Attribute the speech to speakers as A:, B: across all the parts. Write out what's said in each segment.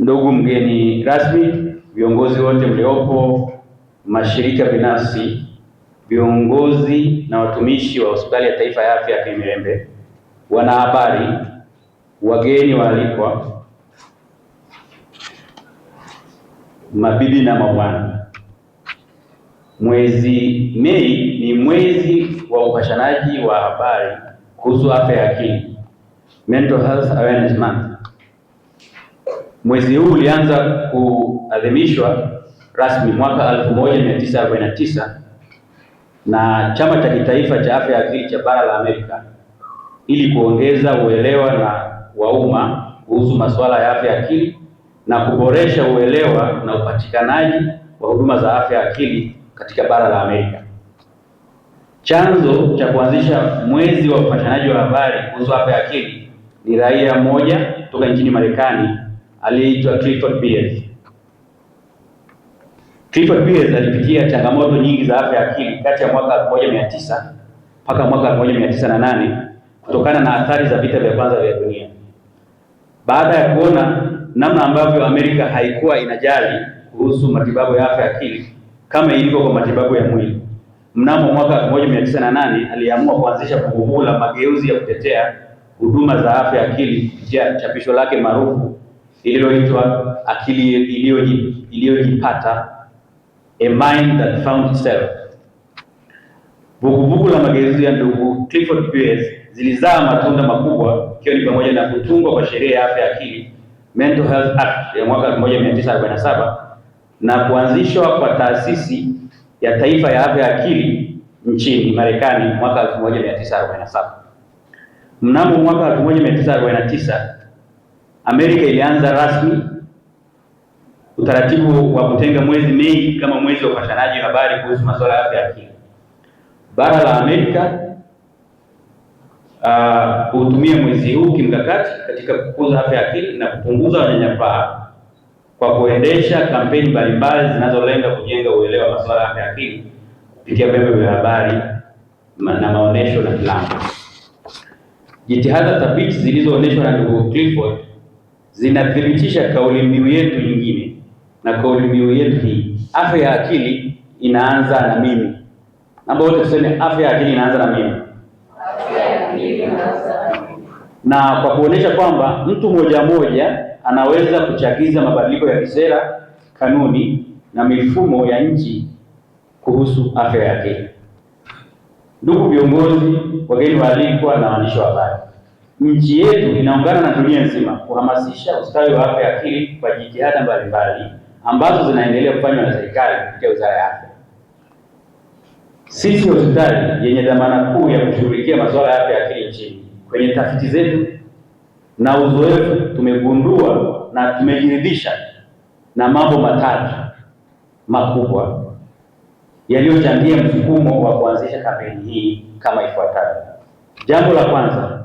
A: Ndugu mgeni rasmi, viongozi wote mliopo, mashirika binafsi, viongozi na watumishi wa Hospitali ya Taifa ya Afya ya Kimirembe, wanahabari, wageni waalikwa, mabibi na mabwana, mwezi Mei ni mwezi wa upashanaji wa habari kuhusu afya ya akili, Mental Health Awareness Month. Mwezi huu ulianza kuadhimishwa rasmi mwaka 1949 na Chama cha Kitaifa cha Afya ya Akili cha bara la Amerika ili kuongeza uelewa na wa umma kuhusu masuala ya afya ya akili na kuboresha uelewa na upatikanaji wa huduma za afya ya akili katika bara la Amerika. Chanzo cha kuanzisha mwezi wa upashanaji wa habari kuhusu afya ya akili ni raia mmoja kutoka nchini Marekani aliyeitwa Clifford Beard. Clifford Beard alipitia changamoto nyingi za afya ya akili kati ya mwaka 1900 mpaka mwaka 1908 kutokana na athari za vita vya kwanza vya dunia. Baada ya kuona namna ambavyo Amerika haikuwa inajali kuhusu matibabu ya afya ya akili kama ilivyo kwa matibabu ya mwili, mnamo mwaka 1908 aliamua kuanzisha vuguvugu mageuzi ya kutetea huduma za afya ya akili kupitia chapisho lake maarufu lililoitwa akili iliyojipata, a mind that found itself. Vuguvugu la mageuzi ya ndugu Clifford Bures zilizaa matunda makubwa, ikiwa ni pamoja na kutungwa kwa sheria ya afya ya akili Mental Health Act ya mwaka 1947 na kuanzishwa kwa taasisi ya taifa ya afya ya akili nchini Marekani mwaka 1947. Mnamo mwaka 1949 Amerika ilianza rasmi utaratibu wa kutenga mwezi Mei kama mwezi wa upashanaji habari kuhusu masuala ya afya ya akili. Bara la Amerika ah, hutumia uh, mwezi huu kimkakati katika kukuza afya ya akili na kupunguza unyanyapaa kwa kuendesha kampeni mbalimbali zinazolenga kujenga uelewa wa masuala ya afya ya akili kupitia vyombo vya habari na maonesho na filamu. Jitihada thabiti zilizoonyeshwa na ndugu Clifford zinathibitisha kauli mbiu yetu nyingine, na kauli mbiu yetu hii, afya ya akili inaanza na mimi. Naomba wote tuseme afya ya akili inaanza na mimi, na kwa kuonesha kwamba mtu mmoja mmoja anaweza kuchagiza mabadiliko ya kisera, kanuni na mifumo ya nchi kuhusu afya ya akili. Ndugu viongozi, wageni waalikwa na waandishi wa habari nchi yetu inaungana na dunia nzima kuhamasisha ustawi wa afya ya akili kwa jitihada mbalimbali ambazo zinaendelea kufanywa na serikali kupitia wizara ya afya. Sisi hospitali yenye dhamana kuu ya kushughulikia masuala ya afya ya akili nchini, kwenye tafiti zetu na uzoefu tumegundua na tumejiridhisha na mambo matatu makubwa yaliyochangia msukumo wa kuanzisha kampeni hii kama ifuatavyo. Jambo la kwanza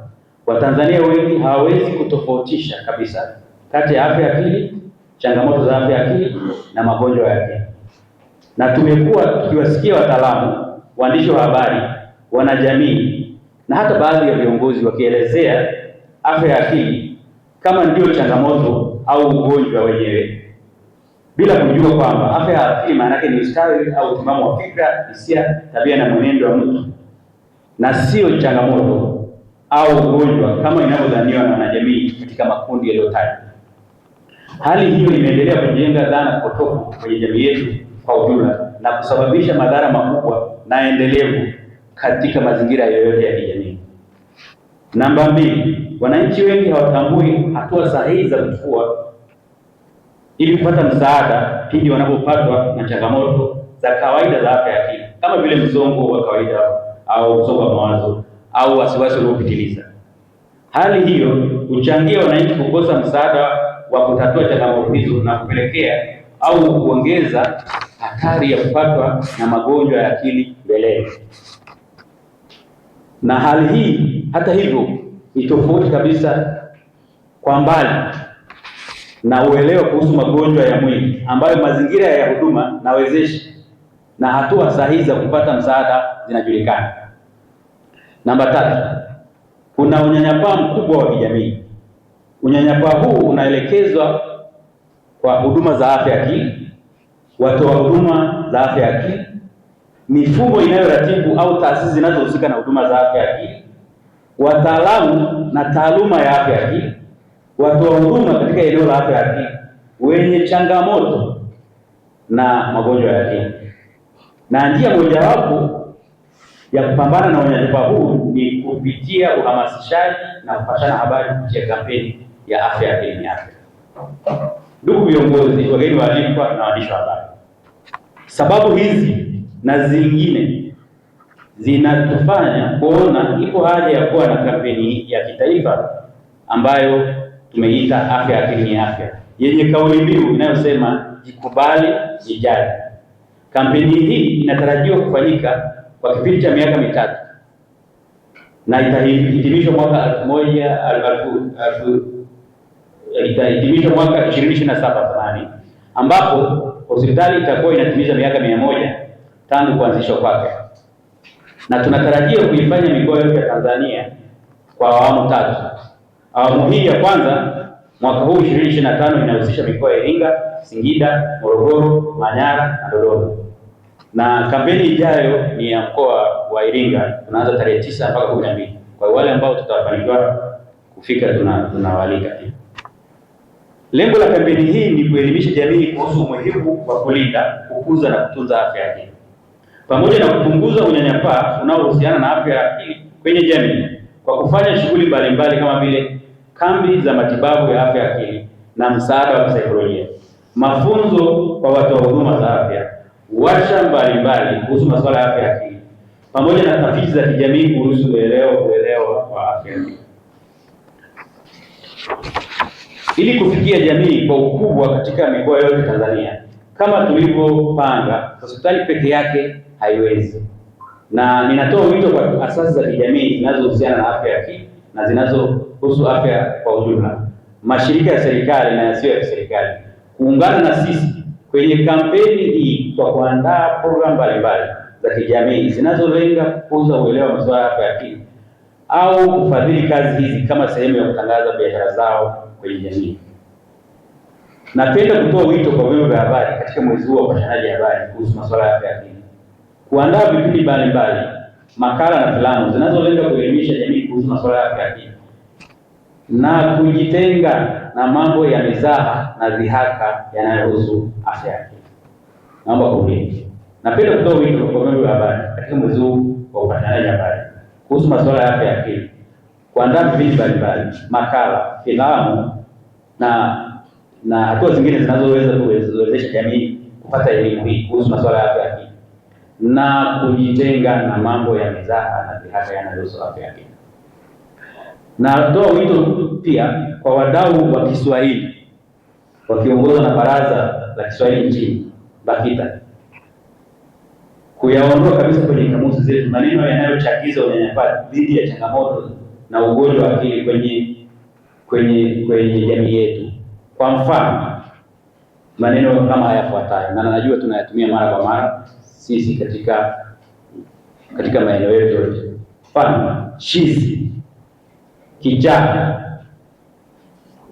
A: Watanzania wengi hawawezi kutofautisha kabisa kati ya afya ya akili, changamoto za afya ya akili na magonjwa ya akili, na tumekuwa tukiwasikia wataalamu, waandishi wa habari, wanajamii na hata baadhi ya viongozi wakielezea afya ya akili kama ndio changamoto au ugonjwa wenyewe bila kujua kwamba afya ya akili maana yake ni ustawi au utimamu wa fikra, hisia, tabia na mwenendo wa mtu na sio changamoto au ugonjwa kama inavyodhaniwa na wanajamii katika makundi yaliyotajwa. Hali hiyo imeendelea kujenga dhana potofu kwenye jamii yetu kwa ujumla na kusababisha madhara makubwa na endelevu katika mazingira yoyote ya kijamii. Namba mbili, wananchi wengi hawatambui hatua sahihi za kuchukua ili kupata msaada pindi wanapopatwa na changamoto za kawaida za afya ya akili kama vile msongo wa kawaida au msongo wa mawazo au wasiwasi uliopitiliza. Hali hiyo huchangia wananchi kukosa msaada wa kutatua changamoto hizo na kupelekea au kuongeza hatari ya kupatwa na magonjwa ya akili mbeleni. Na hali hii hata hivyo ni tofauti kabisa kwa mbali na uelewa kuhusu magonjwa ya mwili ambayo mazingira ya huduma na wezeshi na hatua sahihi za kupata msaada zinajulikana. Namba tatu, kuna unyanyapaa mkubwa wa kijamii. Unyanyapaa huu unaelekezwa kwa huduma za afya ya akili, watoa huduma za afya ya akili, mifumo inayoratibu au taasisi zinazohusika na huduma za afya ya akili, wataalamu na taaluma ya afya ya akili, watoa huduma katika eneo la afya ya akili wenye changamoto na magonjwa ya akili, na njia mojawapo ya kupambana na unyanyapaa huu ni kupitia uhamasishaji na kupashana habari kupitia kampeni ya afya ya akili ni afya. Ndugu viongozi, wageni waalikwa na waandishi wa habari, sababu hizi na zingine zinatufanya kuona ipo haja ya kuwa na kampeni ya kitaifa ambayo tumeita afya akili ni afya, yenye kauli mbiu inayosema jikubali, jijali. Kampeni hii inatarajiwa kufanyika kwa kipindi cha miaka mitatu na itahitimishwa mwaka elfu moja itahitimishwa mwaka ishirini ishirini na saba ambapo hospitali itakuwa inatimiza miaka mia moja tangu kuanzishwa kwake, na tunatarajia kuifanya mikoa yote ya Tanzania kwa awamu tatu. Awamu hii ya kwanza mwaka huu ishirini ishirini na tano inahusisha mikoa ya Iringa, Singida, Morogoro, Manyara na Dodoma na kampeni ijayo ni ya mkoa wa Iringa, tunaanza tarehe tisa mpaka kumi na mbili. Kwa wale ambao tutafanikiwa kufika, tunawaalika tuna Lengo la kampeni hii ni kuelimisha jamii kuhusu umuhimu wa kulinda, kukuza na kutunza afya ya akili pamoja na kupunguza unyanyapaa unaohusiana na afya ya akili kwenye jamii kwa kufanya shughuli mbalimbali kama vile kambi za matibabu ya afya ya akili na msaada wa kisaikolojia, mafunzo kwa watoa huduma za afya warsha mbalimbali kuhusu masuala ya afya ya akili pamoja na tafiti za kijamii kuhusu uelewa kuelewa kwa afya. Ili kufikia jamii kwa ukubwa katika mikoa yote Tanzania kama tulivyopanga, hospitali peke yake haiwezi, na ninatoa wito kwa asasi za kijamii zinazohusiana na afya ya akili na zinazohusu afya kwa ujumla, mashirika ya serikali na yasiyo ya serikali kuungana na sisi kwenye kampeni hii kwa kuandaa programu mbalimbali za kijamii zinazolenga kukuza uelewa wa masuala ya akili au kufadhili kazi hizi kama sehemu ya kutangaza biashara zao kwenye jamii. Napenda kutoa wito kwa vyombo vya habari katika mwezi huu wa upashanaji habari kuhusu masuala ya afya akili, kuandaa vipindi mbalimbali, makala na filamu zinazolenga kuelimisha jamii kuhusu masuala ya afya akili na kujitenga na mambo ya mizaha na dhihaka yanayohusu afya akili naomba kwa ulinzi. Napenda kutoa wito kwa vyombo vya habari katika mwezi huu wa upatikanaji habari kuhusu masuala ya afya ya akili, kuandaa vipindi mbalimbali, makala, filamu na na hatua zingine zinazoweza kuwezesha jamii kupata elimu hii kuhusu masuala ya afya ya akili na kujitenga na mambo ya mizaha na dhihaka yanayohusu afya ya akili. Natoa wito pia kwa wadau wa Kiswahili wakiongozwa na Baraza la Kiswahili nchini BAKITA kuyaondoa kabisa kwenye kamusi zetu maneno yanayochagiza unyanyapaa dhidi ya changamoto na ugonjwa wa akili kwenye kwenye kwenye jamii yetu. Kwa mfano, maneno kama hayafuatayo, na najua tunayatumia mara kwa mara sisi katika katika maeneo yetu yote. Mfano, shizi, kichaa,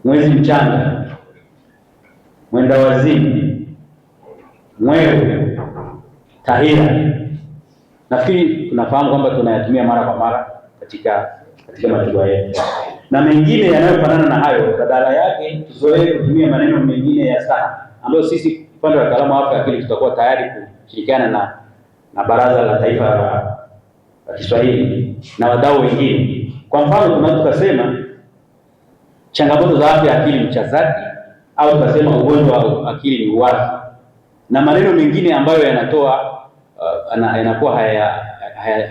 A: mwezi mchanga, mwenda wazimu mwewe, tahira. Nafikiri tunafahamu kwamba tunayatumia mara kwa mara katika katika majukwaa yetu na mengine yanayofanana na hayo. Badala yake tuzoee kutumia maneno mengine ya sana ambayo sisi upande wa wataalamu wa afya akili tutakuwa tayari kushirikiana na na Baraza la Taifa la Kiswahili na wadau wengine. Kwa mfano, tunaweza tukasema changamoto za afya akili mchazati, au tukasema ugonjwa wa akili ni uwazi na maneno mengine ambayo yanatoa uh, yanakuwa haya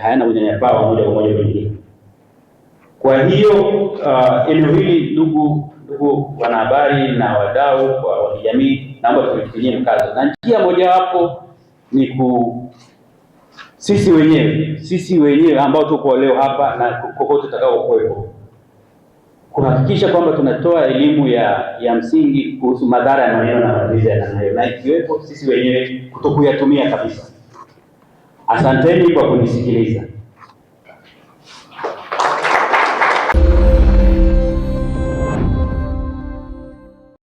A: hayana unyanyapaa wa moja kwa moja wengine. Kwa hiyo uh, eneo hili ndugu ndugu wanahabari na wadau wa kijamii, naomba tulitilie mkazo, na njia mojawapo ni ku sisi wenyewe sisi wenyewe ambao tuko leo hapa na kokote tutakao kuwepo kuhakikisha kwamba tunatoa elimu ya ya msingi kuhusu madhara ya maneno na matumizi ya na ikiwepo sisi wenyewe kutokuyatumia kabisa. Asanteni kwa kunisikiliza.